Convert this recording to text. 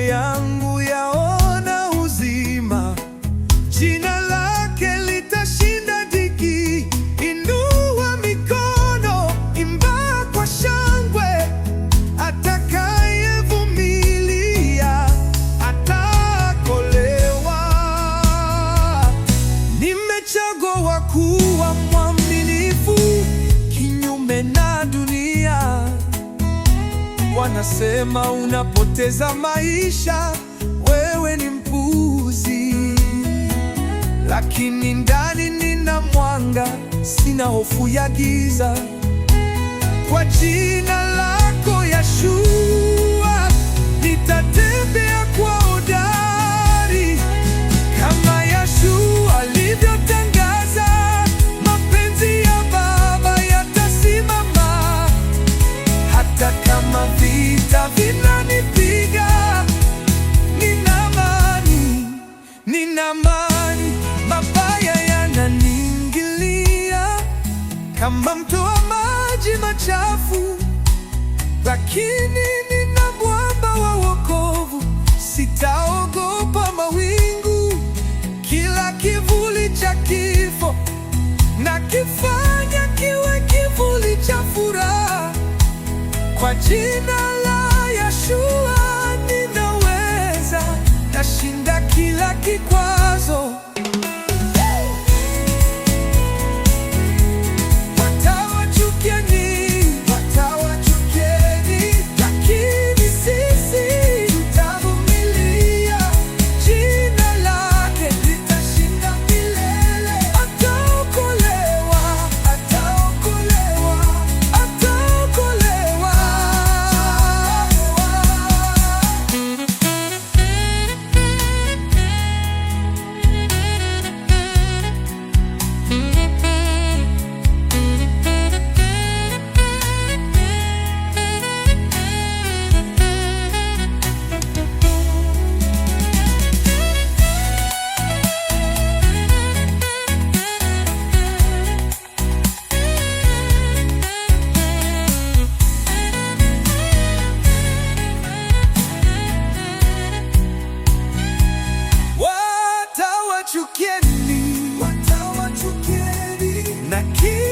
yangu yaona uzima, jina lake litashinda dhiki. Inua mikono, imba kwa shangwe, atakayevumilia atakolewa. Nimechagua ku wanasema unapoteza maisha, wewe ni mpuzi, lakini ndani nina mwanga, sina hofu ya giza kwa jina kama mto wa maji machafu, lakini nina mwamba wa wokovu. Sitaogopa mawingu, kila kivuli cha kifo na kifanya kiwe kivuli cha furaha kwa jina la Yeshua. Ninaweza, nashinda kila kikwazo. daqui.